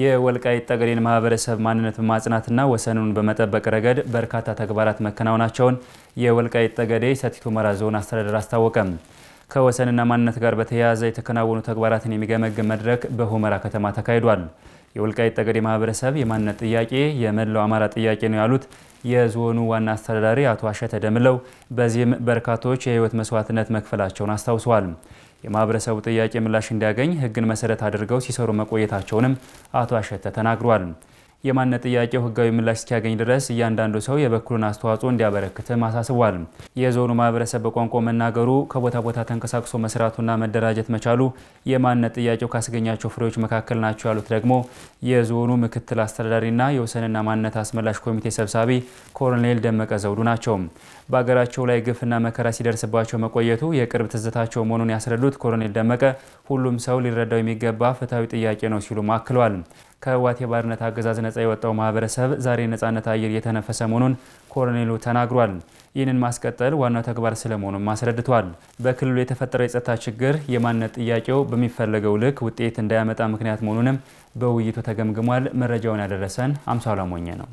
የወልቃይት ጠገዴን ማህበረሰብ ማንነት በማጽናትና ወሰኑን በመጠበቅ ረገድ በርካታ ተግባራት መከናወናቸውን የወልቃይት ጠገዴ ሰቲት ሁመራ ዞን አስተዳደር አስታወቀም። ከወሰንና ማንነት ጋር በተያያዘ የተከናወኑ ተግባራትን የሚገመግም መድረክ በሁመራ ከተማ ተካሂዷል። የወልቃይት ጠገዴ ማህበረሰብ የማንነት ጥያቄ የመላው አማራ ጥያቄ ነው ያሉት የዞኑ ዋና አስተዳዳሪ አቶ አሸተ ደምለው በዚህም በርካቶች የህይወት መስዋዕትነት መክፈላቸውን አስታውሰዋል። የማህበረሰቡ ጥያቄ ምላሽ እንዲያገኝ ህግን መሰረት አድርገው ሲሰሩ መቆየታቸውንም አቶ አሸተ ተናግሯል። የማንነት ጥያቄው ህጋዊ ምላሽ እስኪያገኝ ድረስ እያንዳንዱ ሰው የበኩሉን አስተዋጽኦ እንዲያበረክትም አሳስቧል። የዞኑ ማህበረሰብ በቋንቋ መናገሩ፣ ከቦታ ቦታ ተንቀሳቅሶ መስራቱና መደራጀት መቻሉ የማንነት ጥያቄው ካስገኛቸው ፍሬዎች መካከል ናቸው ያሉት ደግሞ የዞኑ ምክትል አስተዳዳሪና የወሰንና ማንነት አስመላሽ ኮሚቴ ሰብሳቢ ኮሎኔል ደመቀ ዘውዱ ናቸው። በሀገራቸው ላይ ግፍና መከራ ሲደርስባቸው መቆየቱ የቅርብ ትዝታቸው መሆኑን ያስረዱት ኮሎኔል ደመቀ ሁሉም ሰው ሊረዳው የሚገባ ፍትሐዊ ጥያቄ ነው ሲሉ አክለዋል። ከህወሓት የባርነት አገዛዝ ነጻ የወጣው ማህበረሰብ ዛሬ ነጻነት አየር እየተነፈሰ መሆኑን ኮሎኔሉ ተናግሯል። ይህንን ማስቀጠል ዋናው ተግባር ስለመሆኑም አስረድቷል። በክልሉ የተፈጠረው የጸጥታ ችግር የማንነት ጥያቄው በሚፈለገው ልክ ውጤት እንዳያመጣ ምክንያት መሆኑንም በውይይቱ ተገምግሟል። መረጃውን ያደረሰን አምሳላ ሞኘ ነው።